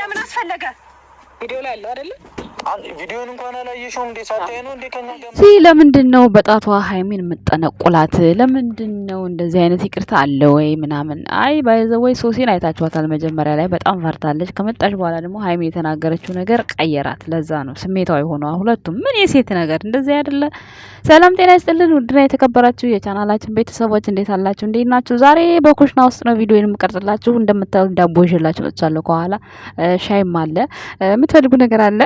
ለምን አስፈለገ? ቪዲዮ ላይ አለው አይደለም ቪዲዮን እንኳን አላየሽው እንዴ? ሳታይ ነው እንዴ? ከኛ ገ ለምንድን ነው በጣቷ ሀይሚን የምጠነቁላት? ለምንድን ነው እንደዚህ አይነት ይቅርታ አለ ወይ ምናምን? አይ ባይዘወይ ሶሲን አይታችኋታል። መጀመሪያ ላይ በጣም ፈርታለች። ከመጣች በኋላ ደግሞ ሀይሚ የተናገረችው ነገር ቀየራት። ለዛ ነው ስሜታዊ ሆነዋ ሁለቱም ምን የሴት ነገር እንደዚህ አይደለ። ሰላም ጤና ይስጥልን ውድና የተከበራችሁ የቻናላችን ቤተሰቦች እንዴት አላችሁ? እንዴት ናችሁ? ዛሬ በኩሽና ውስጥ ነው ቪዲዮ የምቀርጽላችሁ። እንደምታዩት ዳቦ ይዤላችሁ መጥቻለሁ። ከኋላ ሻይም አለ። የምትፈልጉ ነገር አለ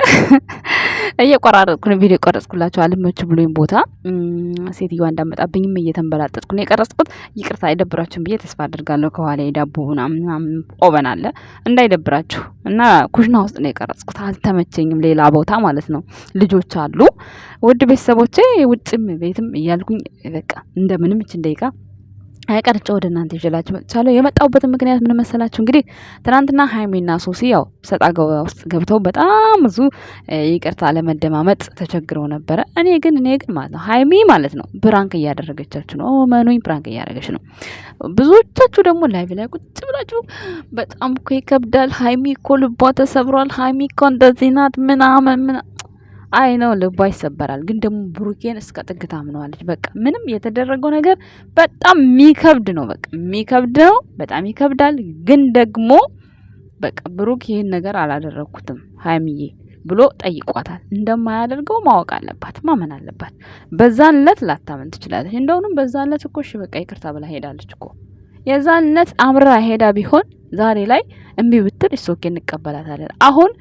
እየቆራረጥኩ ነው ቪዲዮ ቀረጽኩላቸው። አልመች ብሎኝ ቦታ ሴትዮዋ እንዳመጣብኝም እየተንበላጠጥኩ ነው የቀረጽኩት። ይቅርታ አይደብራችሁም ብዬ ተስፋ አድርጋለሁ። ከኋላ የዳቦ ምናምን ቆበን አለ እንዳይደብራችሁ እና ኩሽና ውስጥ ነው የቀረጽኩት። አልተመቸኝም፣ ሌላ ቦታ ማለት ነው። ልጆች አሉ። ውድ ቤተሰቦቼ፣ ውጭም ቤትም እያልኩኝ በቃ እንደምንም እችን ቀርጬ ወደ እናንተ ይዤላችሁ መጥቻለሁ። የመጣሁበትን ምክንያት ምን መሰላችሁ? እንግዲህ ትናንትና ሀይሚና ሶሲ ያው ሰጣ ገባ ውስጥ ገብተው በጣም ብዙ ይቅርታ ለመደማመጥ ተቸግረው ነበረ። እኔ ግን እኔ ግን ማለት ነው ሀይሚ ማለት ነው ብራንክ እያደረገቻችሁ ነው። መኑኝ ብራንክ እያደረገች ነው። ብዙዎቻችሁ ደግሞ ላይቭ ላይ ቁጭ ብላችሁ በጣም እኮ ይከብዳል፣ ሀይሚ እኮ ልቧ ተሰብሯል፣ ሀይሚ እኮ እንደዚህ ናት ምናምን ምናምን አይ ነው ልቧ ይሰበራል። ግን ደግሞ ብሩኬን እስከ ጥግ ታምነዋለች። በቃ ምንም የተደረገው ነገር በጣም የሚከብድ ነው። በቃ የሚከብድ ነው፣ በጣም ይከብዳል። ግን ደግሞ በቃ ብሩክ ይህን ነገር አላደረግኩትም ሀይሚዬ ብሎ ጠይቋታል። እንደማያደርገው ማወቅ አለባት፣ ማመን አለባት። በዛን ዕለት ላታመን ትችላለች። እንደውንም በዛን ዕለት እኮ እሺ በቃ ይቅርታ ብላ ሄዳለች እኮ የዛን ዕለት አምራ ሄዳ ቢሆን ዛሬ ላይ እምቢ ብትል እሶኬ እንቀበላታለን። አሁን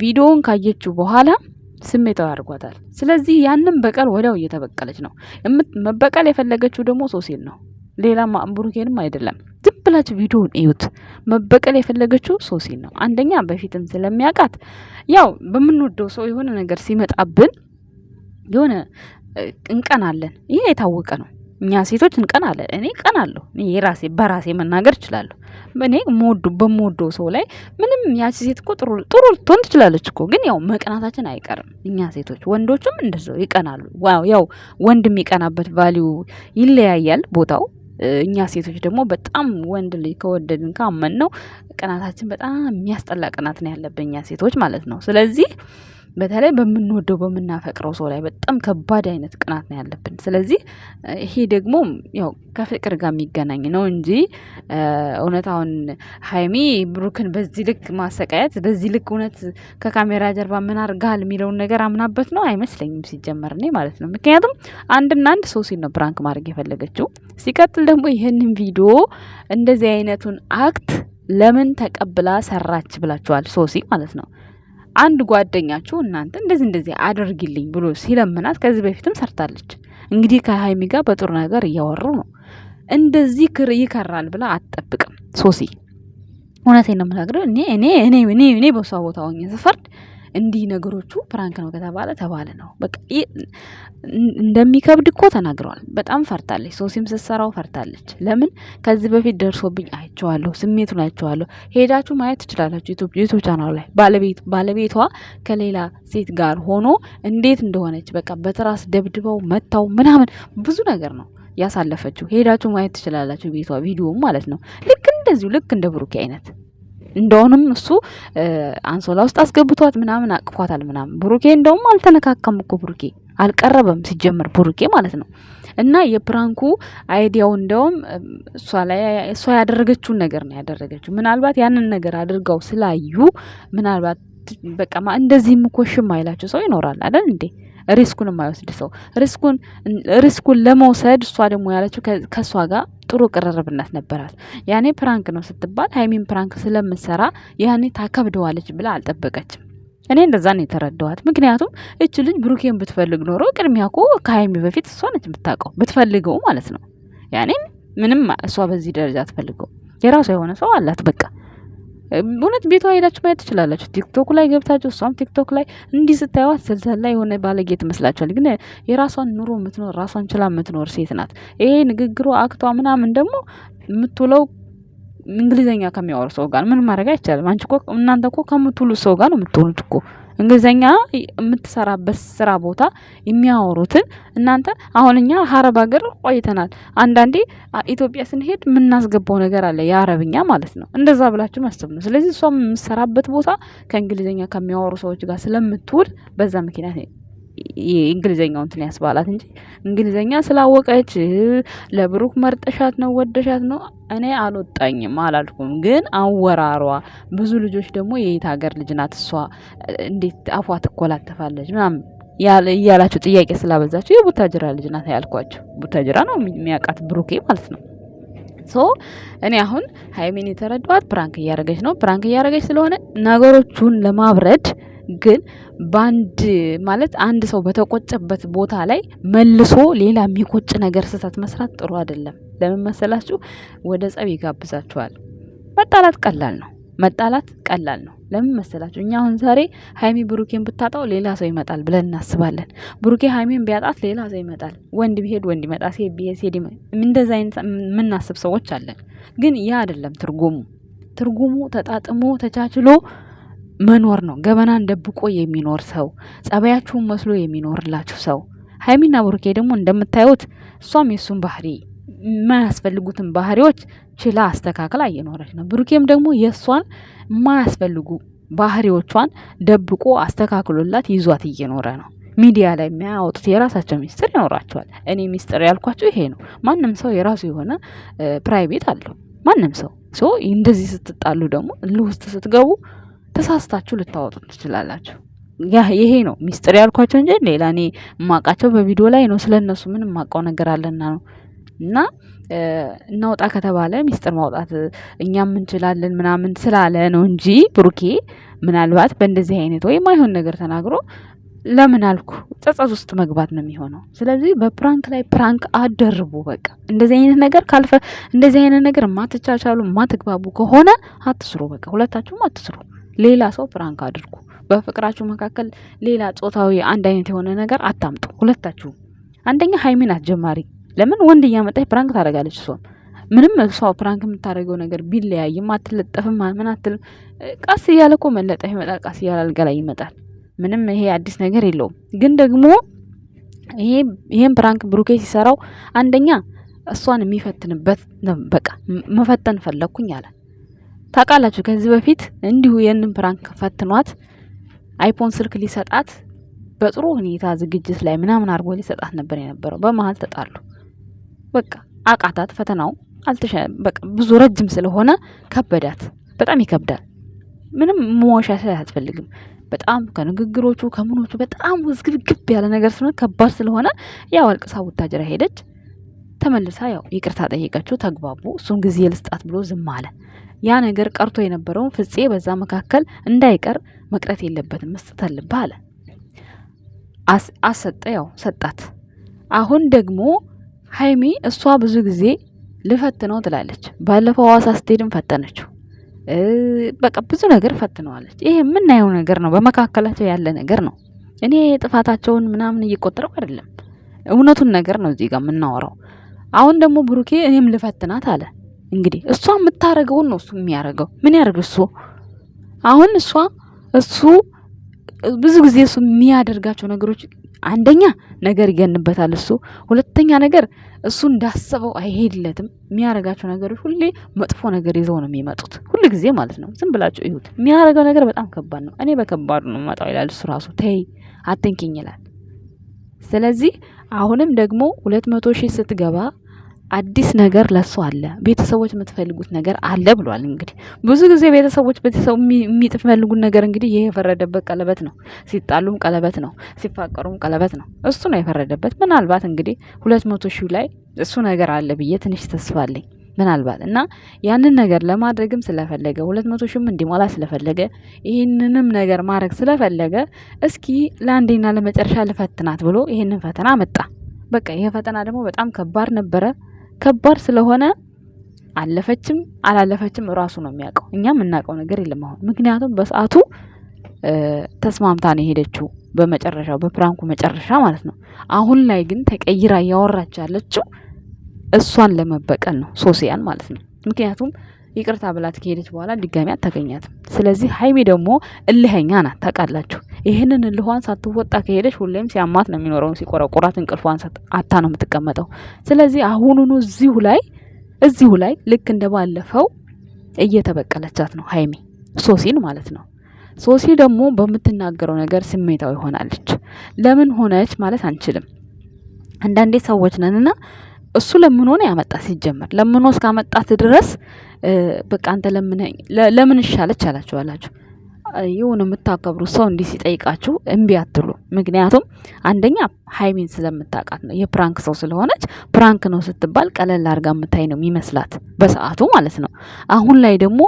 ቪዲዮውን ካየችው በኋላ ስሜታዊ አድርጓታል። ስለዚህ ያንን በቀል ወዲያው እየተበቀለች ነው። መበቀል የፈለገችው ደግሞ ሶሴን ነው፣ ሌላ ብሩኬንም አይደለም። ዝም ብላችሁ ቪዲዮውን እዩት። መበቀል የፈለገችው ሶሴን ነው። አንደኛ በፊትም ስለሚያውቃት ያው በምንወደው ሰው የሆነ ነገር ሲመጣብን የሆነ እንቀናለን። ይሄ የታወቀ ነው። እኛ ሴቶች እንቀናለን። እኔ ቀናለሁ። የራሴ በራሴ መናገር እችላለሁ። እኔ በሞዶ ሰው ላይ ምንም ያቺ ሴት እኮ ጥሩ ጥሩ ልትሆን ትችላለች እኮ ግን ያው መቅናታችን አይቀርም። እኛ ሴቶች ወንዶችም እንደዛው ይቀናሉ። ያው ወንድ የሚቀናበት ቫሊዩ ይለያያል ቦታው እኛ ሴቶች ደግሞ በጣም ወንድ ልጅ ከወደድን ካመን ነው ቅናታችን በጣም የሚያስጠላ ቅናት ነው ያለብን እኛ ሴቶች ማለት ነው። ስለዚህ በተለይ በምንወደው በምናፈቅረው ሰው ላይ በጣም ከባድ አይነት ቅናት ነው ያለብን። ስለዚህ ይሄ ደግሞ ያው ከፍቅር ጋር የሚገናኝ ነው እንጂ እውነት አሁን ሀይሚ ብሩክን በዚህ ልክ ማሰቃየት በዚህ ልክ እውነት ከካሜራ ጀርባ ምን አርጋል የሚለውን ነገር አምናበት ነው አይመስለኝም፣ ሲጀመር እኔ ማለት ነው። ምክንያቱም አንድና አንድ ሰው ሲል ነው ብራንክ ማድረግ የፈለገችው። ሲቀጥል ደግሞ ይህንን ቪዲዮ እንደዚህ አይነቱን አክት ለምን ተቀብላ ሰራች ብላችኋል ሶሲ ማለት ነው። አንድ ጓደኛችሁ እናንተ እንደዚህ እንደዚህ አድርጊልኝ ብሎ ሲለምናት ከዚህ በፊትም ሰርታለች። እንግዲህ ከሀይሚ ጋር በጥሩ ነገር እያወሩ ነው። እንደዚህ ክር ይከራል ብላ አትጠብቅም ሶሲ። እውነቴን ነው የምናግረው እኔ እኔ እኔ እኔ በሷ ቦታ ሆኜ ስፈርድ እንዲህ ነገሮቹ ፕራንክ ነው ከተባለ ተባለ ነው በቃ። እንደሚከብድ እኮ ተናግረዋል። በጣም ፈርታለች። ሶሲም ስትሰራው ፈርታለች። ለምን ከዚህ በፊት ደርሶብኝ አይቼዋለሁ፣ ስሜቱን አይቼዋለሁ። ሄዳችሁ ማየት ትችላላችሁ ዩቱብ ቻናሉ ላይ ባለቤቷ ከሌላ ሴት ጋር ሆኖ እንዴት እንደሆነች በቃ በትራስ ደብድበው መታው ምናምን ብዙ ነገር ነው ያሳለፈችው። ሄዳችሁ ማየት ትችላላችሁ ቤቷ ቪዲዮም ማለት ነው ልክ እንደዚሁ ልክ እንደ ብሩኬ አይነት እንደውንም እሱ አንሶላ ውስጥ አስገብቷት ምናምን አቅፏታል ምናምን። ብሩኬ እንደውም አልተነካካም እኮ ብሩኬ አልቀረበም ሲጀምር ብሩኬ ማለት ነው። እና የፕራንኩ አይዲያው እንደውም እሷ ያደረገችውን ነገር ነው ያደረገችው። ምናልባት ያንን ነገር አድርገው ስላዩ ምናልባት በቃ እንደዚህም እኮ ሽም አይላቸው ሰው ይኖራል አይደል እንዴ? ሪስኩን የማይወስድ ሰው ሪስኩን ሪስኩን ለመውሰድ እሷ ደግሞ ያለችው ከእሷ ጋር ጥሩ ቅርርብነት ነበራት። ያኔ ፕራንክ ነው ስትባል ሀይሚን ፕራንክ ስለምሰራ ያኔ ታከብደዋለች ብላ አልጠበቀችም። እኔ እንደዛ ነው የተረዳኋት። ምክንያቱም እች ልጅ ብሩኬን ብትፈልግ ኖሮ ቅድሚያ እኮ ከሀይሚ በፊት እሷ ነች የምታውቀው፣ ብትፈልገው ማለት ነው። ያኔ ምንም እሷ በዚህ ደረጃ አትፈልገው፣ የራሷ የሆነ ሰው አላት በቃ እውነት ቤቷ ሄዳችሁ ማየት ትችላላችሁ። ቲክቶክ ላይ ገብታችሁ እሷም ቲክቶክ ላይ እንዲህ ስታዩዋት ስልሰላ የሆነ ባለጌ ትመስላችኋል። ግን የራሷን ኑሮ የምትኖር ራሷን ችላ የምትኖር ሴት ናት። ይሄ ንግግሩ አክቷ ምናምን ደግሞ የምትውለው እንግሊዘኛ ከሚያወሩ ሰው ጋር ምን ማድረግ አይቻልም። አንቺ እኮ እናንተ እኮ ከምትውሉት ሰው ጋር ነው የምትውሉት እኮ እንግሊዘኛ የምትሰራበት ስራ ቦታ የሚያወሩትን እናንተ አሁን እኛ ሀረብ ሀገር ቆይተናል። አንዳንዴ ኢትዮጵያ ስንሄድ የምናስገባው ነገር አለ የአረብኛ ማለት ነው። እንደዛ ብላችሁ መስብ ነው። ስለዚህ እሷም የምትሰራበት ቦታ ከእንግሊዝኛ ከሚያወሩ ሰዎች ጋር ስለምትውል በዛ ምክንያት የእንግሊዘኛው እንትን ያስባላት እንጂ እንግሊዘኛ ስላወቀች ለብሩክ መርጠሻት ነው ወደሻት ነው እኔ አልወጣኝም አላልኩም። ግን አወራሯ ብዙ ልጆች ደግሞ የየት ሀገር ልጅ ናት እሷ እንዴት አፏ ትኮላተፋለች ምናምን እያላቸው ጥያቄ ስላበዛቸው የቡታጅራ ልጅ ናት ያልኳቸው ቡታጅራ ነው የሚያውቃት ብሩኬ ማለት ነው። ሶ እኔ አሁን ሀይሜን የተረዳዋት ፕራንክ እያደረገች ነው። ፕራንክ እያደረገች ስለሆነ ነገሮቹን ለማብረድ ግን በአንድ ማለት አንድ ሰው በተቆጨበት ቦታ ላይ መልሶ ሌላ የሚቆጭ ነገር ስህተት መስራት ጥሩ አይደለም። ለምን መሰላችሁ? ወደ ጸብ ይጋብዛችኋል። መጣላት ቀላል ነው። መጣላት ቀላል ነው። ለምን መሰላችሁ? እኛ አሁን ዛሬ ሀይሚ ብሩኬን ብታጣው ሌላ ሰው ይመጣል ብለን እናስባለን። ብሩኬ ሀይሚን ቢያጣት ሌላ ሰው ይመጣል። ወንድ ቢሄድ ወንድ ይመጣ፣ ሴት ቢሄድ ሴት ይመጣ። እንደዚ አይነት የምናስብ ሰዎች አለን። ግን ያ አይደለም ትርጉሙ። ትርጉሙ ተጣጥሞ ተቻችሎ መኖር ነው። ገበናን ደብቆ የሚኖር ሰው፣ ጸባያችሁን መስሎ የሚኖርላችሁ ሰው። ሀይሚና ብሩኬ ደግሞ እንደምታዩት እሷም የሱን ባህሪ የማያስፈልጉትን ባህሪዎች ችላ አስተካክላ እየኖረች ነው። ብሩኬም ደግሞ የእሷን የማያስፈልጉ ባህሪዎቿን ደብቆ አስተካክሎላት ይዟት እየኖረ ነው። ሚዲያ ላይ የሚያወጡት የራሳቸው ሚስጥር ይኖራቸዋል። እኔ ሚስጥር ያልኳቸው ይሄ ነው። ማንም ሰው የራሱ የሆነ ፕራይቬት አለው። ማንም ሰው እንደዚህ ስትጣሉ ደግሞ ልውስጥ ስትገቡ ተሳስታችሁ ልታወጡት ትችላላችሁ። ያ ይሄ ነው ሚስጥር ያልኳቸው እንጂ ሌላ እኔ እማውቃቸው በቪዲዮ ላይ ነው። ስለ እነሱ ምን እማውቀው ነገር አለና ነው። እና እናውጣ ከተባለ ሚስጥር ማውጣት እኛም እንችላለን ምናምን ስላለ ነው እንጂ ብሩኬ ምናልባት በእንደዚህ አይነት ወይ ማይሆን ነገር ተናግሮ ለምን አልኩ ጸጸት ውስጥ መግባት ነው የሚሆነው። ስለዚህ በፕራንክ ላይ ፕራንክ አደርቡ። በቃ እንደዚህ አይነት ነገር ካልፈ እንደዚህ አይነት ነገር ማትቻቻሉ ማትግባቡ ከሆነ አትስሩ። በቃ ሁለታችሁም አትስሩ። ሌላ ሰው ፕራንክ አድርጉ። በፍቅራችሁ መካከል ሌላ ጾታዊ አንድ አይነት የሆነ ነገር አታምጡ። ሁለታችሁ አንደኛ ሀይሚ ናት ለምን ወንድ እያመጣች ፕራንክ ታደርጋለች? እሷም ምንም እሷ ፕራንክ የምታደርገው ነገር ቢለያይም አትለጠፍም፣ ምን አትልም። ቀስ እያለ እኮ መለጠፍ ይመጣል፣ ቀስ እያለ አልጋ ላይ ይመጣል። ምንም ይሄ አዲስ ነገር የለውም። ግን ደግሞ ይሄ ይሄን ፕራንክ ብሩኬ ሲሰራው አንደኛ እሷን የሚፈትንበት በቃ መፈተን ፈለግኩኝ አለ ታውቃላችሁ ከዚህ በፊት እንዲሁ የንን ፕራንክ ፈትኗት አይፎን ስልክ ሊሰጣት በጥሩ ሁኔታ ዝግጅት ላይ ምናምን አድርጎ ሊሰጣት ነበር የነበረው። በመሀል ተጣሉ። በቃ አቃታት። ፈተናው አልተሸ በቃ ብዙ ረጅም ስለሆነ ከበዳት። በጣም ይከብዳል። ምንም መወሻሸት አያስፈልግም። በጣም ከንግግሮቹ ከምኖቹ በጣም ውዝግብግብ ያለ ነገር ስለሆነ ከባድ ስለሆነ ያው አልቅሳ ቡታጅራ ሄደች። ተመልሳ ያው ይቅርታ ጠየቀችው። ተግባቡ። እሱም ጊዜ ልስጣት ብሎ ዝም አለ። ያ ነገር ቀርቶ የነበረውን ፍፄ በዛ መካከል እንዳይቀር መቅረት የለበትም መስጠት አለብህ አለ። አሰጠ፣ ያው ሰጣት። አሁን ደግሞ ሀይሚ እሷ ብዙ ጊዜ ልፈትነው ትላለች። ባለፈው ሐዋሳ ስትሄድም ፈተነችው። በቃ ብዙ ነገር ፈትነዋለች። ይሄ የምናየው ነገር ነው፣ በመካከላቸው ያለ ነገር ነው። እኔ ጥፋታቸውን ምናምን እየቆጠረው አይደለም፣ እውነቱን ነገር ነው እዚህ ጋር የምናወራው። አሁን ደግሞ ብሩኬ እኔም ልፈትናት አለ። እንግዲህ እሷ የምታረገውን ነው እሱ የሚያረገው። ምን ያደርግ እሱ አሁን እሷ እሱ ብዙ ጊዜ እሱ የሚያደርጋቸው ነገሮች አንደኛ ነገር ይገንበታል እሱ፣ ሁለተኛ ነገር እሱ እንዳሰበው አይሄድለትም። የሚያረጋቸው ነገሮች ሁሌ መጥፎ ነገር ይዘው ነው የሚመጡት፣ ሁል ጊዜ ማለት ነው። ዝም ብላችሁ ይሁት የሚያረገው ነገር በጣም ከባድ ነው። እኔ በከባዱ ነው መጣው ይላል እሱ ራሱ። ተይ አትንኪኝ ይላል። ስለዚህ አሁንም ደግሞ ሁለት መቶ ሺህ ስትገባ አዲስ ነገር ለሱ አለ። ቤተሰቦች የምትፈልጉት ነገር አለ ብሏል። እንግዲህ ብዙ ጊዜ ቤተሰቦች ቤተሰቡ የሚፈልጉት ነገር እንግዲህ ይሄ የፈረደበት ቀለበት ነው። ሲጣሉም ቀለበት ነው፣ ሲፋቀሩም ቀለበት ነው። እሱ ነው የፈረደበት። ምናልባት እንግዲህ ሁለት መቶ ሺህ ላይ እሱ ነገር አለ ብዬ ትንሽ ተስፋ አለኝ። ምናልባት እና ያንን ነገር ለማድረግም ስለፈለገ ሁለት መቶ ሺህም እንዲሞላ ስለፈለገ ይህንንም ነገር ማድረግ ስለፈለገ እስኪ ለአንዴና ለመጨረሻ ልፈትናት ብሎ ይህንን ፈተና መጣ። በቃ ይሄ ፈተና ደግሞ በጣም ከባድ ነበረ። ከባድ ስለሆነ አለፈችም አላለፈችም እራሱ ነው የሚያውቀው። እኛም የምናውቀው ነገር የለም አሁን። ምክንያቱም በሰዓቱ ተስማምታ ነው የሄደችው በመጨረሻው በፕራንኩ መጨረሻ ማለት ነው። አሁን ላይ ግን ተቀይራ እያወራች ያለችው እሷን ለመበቀል ነው ሶሲያን ማለት ነው። ምክንያቱም ይቅርታ ብላት ከሄደች በኋላ ድጋሚ አታገኛትም። ስለዚህ ሀይሚ ደግሞ እልኸኛ ናት ታውቃላችሁ። ይህንን እልኋን ሳትወጣ ከሄደች ሁሌም ሲያማት ነው የሚኖረው፣ ሲቆረቆራት እንቅልፏን አታ ነው የምትቀመጠው። ስለዚህ አሁኑኑ እዚሁ ላይ እዚሁ ላይ ልክ እንደ ባለፈው እየተበቀለቻት ነው ሀይሜ ሶሲን ማለት ነው። ሶሲ ደግሞ በምትናገረው ነገር ስሜታዊ ሆናለች። ለምን ሆነች ማለት አንችልም። አንዳንዴ ሰዎች ነንና እሱ ለምኖ ነው ያመጣ። ሲጀመር ለምኖ እስካመጣት ድረስ በቃ አንተ ለምን እሻለች አላችሁ አላችሁ የሆነ የምታከብሩት ሰው እንዲህ ሲጠይቃችሁ እምቢ አትሉ። ምክንያቱም አንደኛ ሀይሚን ስለምታውቃት ነው። የፕራንክ ሰው ስለሆነች ፕራንክ ነው ስትባል ቀለል አድርጋ የምታይ ነው የሚመስላት በሰዓቱ ማለት ነው። አሁን ላይ ደግሞ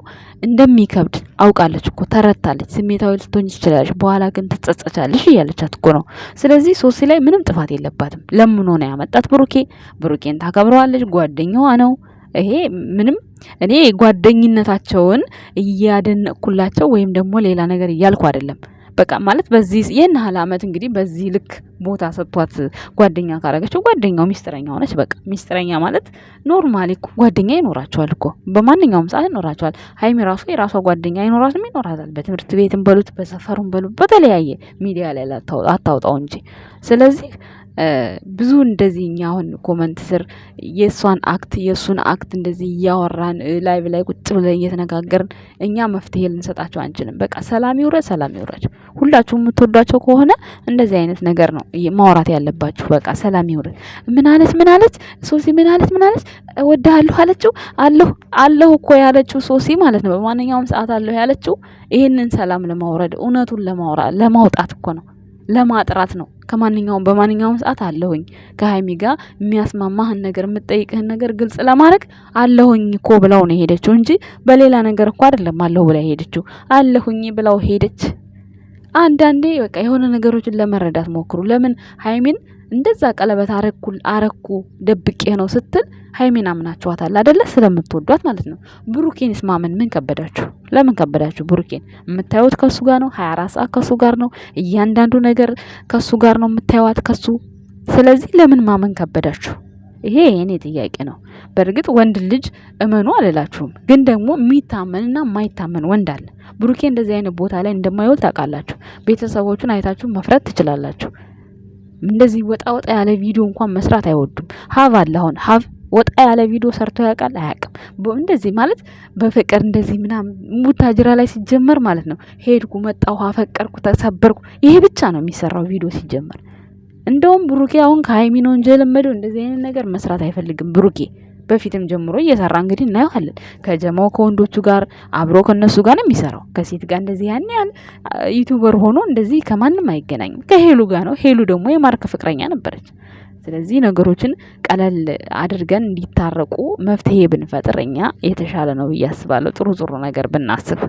እንደሚከብድ አውቃለች እኮ ተረታለች። ስሜታዊ ልትሆኝ ትችላለች፣ በኋላ ግን ትጸጸቻለሽ እያለቻት እኮ ነው። ስለዚህ ሶሲ ላይ ምንም ጥፋት የለባትም። ለምን ሆነ ያመጣት ብሩኬ ብሩኬን ታከብረዋለች፣ ጓደኛዋ ነው። ይሄ ምንም እኔ ጓደኝነታቸውን እያደነቅኩላቸው ወይም ደግሞ ሌላ ነገር እያልኩ አይደለም በቃ ማለት በዚህ ይህን ህል አመት እንግዲህ በዚህ ልክ ቦታ ሰጥቷት ጓደኛ ካረገችው ጓደኛው ሚስጥረኛ ሆነች። በቃ ሚስጥረኛ ማለት ኖርማሊ ጓደኛ ይኖራቸዋል እኮ በማንኛውም ሰዓት ይኖራቸዋል። ሀይሚ ራሱ የራሷ ጓደኛ ይኖራትም ይኖራታል። በትምህርት ቤትም በሉት በሰፈሩም በሉት በተለያየ ሚዲያ ላይ አታውጣው እንጂ ስለዚህ ብዙ እንደዚህ እኛ አሁን ኮመንት ስር የእሷን አክት የእሱን አክት እንደዚህ እያወራን ላይቭ ላይ ቁጭ ብለን እየተነጋገርን እኛ መፍትሄ ልንሰጣቸው አንችልም። በቃ ሰላም ይውረድ፣ ሰላም ይውረድ። ሁላችሁም የምትወዷቸው ከሆነ እንደዚህ አይነት ነገር ነው ማውራት ያለባችሁ። በቃ ሰላም ይውረድ። ምን አለች ምን አለች ሶሲ ምን አለች ምን አለች እወድሃለሁ አለችው። አለሁ አለሁ እኮ ያለችው ሶሲ ማለት ነው። በማንኛውም ሰዓት አለሁ ያለችው ይህንን ሰላም ለማውረድ እውነቱን ለማውጣት እኮ ነው። ለማጥራት ነው። ከማንኛውም በማንኛውም ሰዓት አለሁኝ ከሀይሚ ጋር የሚያስማማህን ነገር የምትጠይቅህን ነገር ግልጽ ለማድረግ አለሁኝ እኮ ብላው ነው የሄደችው እንጂ በሌላ ነገር እኮ አይደለም አለሁ ብላ የሄደችው። አለሁኝ ብላው ሄደች። አንዳንዴ በቃ የሆነ ነገሮችን ለመረዳት ሞክሩ። ለምን ሀይሚን እንደዛ ቀለበት አረኩ ደብቄ ነው ስትል ሀይሜን አምናችኋታል አደለ? ስለምትወዷት ማለት ነው። ብሩኬንስ ማመን ምን ከበዳችሁ? ለምን ከበዳችሁ? ብሩኬን የምታዩት ከሱ ጋር ነው። ሀያ አራት ሰዓት ከሱ ጋር ነው። እያንዳንዱ ነገር ከሱ ጋር ነው የምታዩት ከሱ። ስለዚህ ለምን ማመን ከበዳችሁ? ይሄ የኔ ጥያቄ ነው። በእርግጥ ወንድ ልጅ እመኑ አልላችሁም፣ ግን ደግሞ የሚታመንና የማይታመን ወንድ አለ። ብሩኬ እንደዚህ አይነት ቦታ ላይ እንደማይወል ታውቃላችሁ። ቤተሰቦቹን አይታችሁ መፍረት ትችላላችሁ። እንደዚህ ወጣ ወጣ ያለ ቪዲዮ እንኳን መስራት አይወዱም። ሀብ አለ አሁን ሀብ ወጣ ያለ ቪዲዮ ሰርቶ ያውቃል አያውቅም። እንደዚህ ማለት በፍቅር እንደዚህ ምናምን ሙታጅራ ላይ ሲጀመር ማለት ነው ሄድኩ፣ መጣሁ፣ አፈቀርኩ፣ ተሰበርኩ ይሄ ብቻ ነው የሚሰራው ቪዲዮ ሲጀመር። እንደውም ብሩኬ አሁን ከሀይሚ ነው እንጂ የለመደው እንደዚህ አይነት ነገር መስራት አይፈልግም ብሩኬ በፊትም ጀምሮ እየሰራ እንግዲህ እናየዋለን። ከጀማው ከወንዶቹ ጋር አብሮ ከነሱ ጋር ነው የሚሰራው። ከሴት ጋር እንደዚህ ያን ያን ዩቱበር ሆኖ እንደዚህ ከማንም አይገናኝም። ከሄሉ ጋር ነው። ሄሉ ደግሞ የማርክ ፍቅረኛ ነበረች። ስለዚህ ነገሮችን ቀለል አድርገን እንዲታረቁ መፍትሄ ብንፈጥር እኛ የተሻለ ነው ብዬ አስባለሁ። ጥሩ ጥሩ ነገር ብናስብ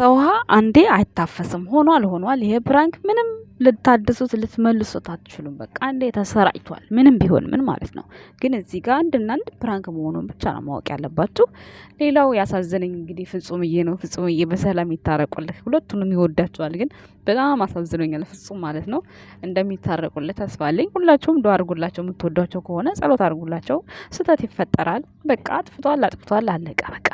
ሰውሃ አንዴ አይታፈስም። ሆኗል ሆኗል። ይሄ ፕራንክ ምንም ልታድሱት ልትመልሱት አትችሉም። በቃ አንዴ ተሰራጭቷል። ምንም ቢሆን ምን ማለት ነው። ግን እዚህ ጋር አንድና አንድ ፕራንክ መሆኑን ብቻ ነው ማወቅ ያለባችሁ። ሌላው ያሳዘነኝ እንግዲህ ፍጹምዬ ነው። ፍጹምዬ በሰላም ይታረቁልህ። ሁለቱንም ይወዳቸዋል፣ ግን በጣም አሳዝኖኛል ፍጹም ማለት ነው። እንደሚታረቁልህ ተስፋ አለኝ። ሁላችሁም ዶ አድርጉላቸው። የምትወዷቸው ከሆነ ጸሎት አድርጉላቸው። ስህተት ይፈጠራል። በቃ አጥፍቷል፣ አጥፍቷል፣ አለቀ በቃ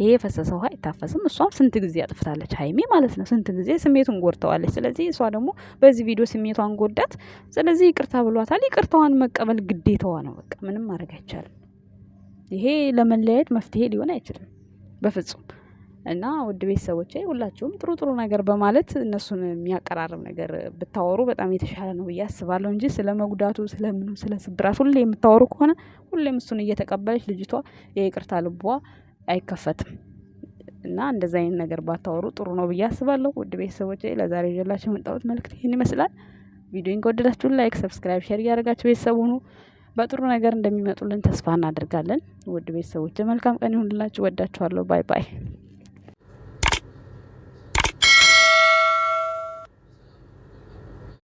ይሄ የፈሰሰ ውሃ አይታፈስም። እሷም ስንት ጊዜ አጥፍታለች ሀይሜ ማለት ነው። ስንት ጊዜ ስሜቱን ጎድተዋለች። ስለዚህ እሷ ደግሞ በዚህ ቪዲዮ ስሜቷን ጎዳት። ስለዚህ ይቅርታ ብሏታል። ይቅርታዋን መቀበል ግዴታዋ ነው። በቃ ምንም ማድረግ አይቻልም። ይሄ ለመለያየት መፍትሄ ሊሆን አይችልም በፍጹም። እና ውድ ቤተሰቦቼ ሁላችሁም ጥሩ ጥሩ ነገር በማለት እነሱን የሚያቀራርብ ነገር ብታወሩ በጣም የተሻለ ነው ብዬ አስባለሁ እንጂ ስለ መጉዳቱ፣ ስለምኑ፣ ስለ ስብራት ሁሌ የምታወሩ ከሆነ ሁሌም እሱን እየተቀበለች ልጅቷ የይቅርታ ልቧ አይከፈትም። እና እንደዚ አይነት ነገር ባታወሩ ጥሩ ነው ብዬ አስባለሁ። ውድ ቤተሰቦች ለዛሬ ይዤላችሁ የመጣሁት መልእክት ይህን ይመስላል። ቪዲዮን ከወደዳችሁ ላይክ፣ ሰብስክራይብ፣ ሼር እያደረጋችሁ ቤተሰብ ሁኑ። በጥሩ ነገር እንደሚመጡልን ተስፋ እናደርጋለን። ውድ ቤተሰቦች መልካም ቀን ይሁንላችሁ። ወዳችኋለሁ። ባይ ባይ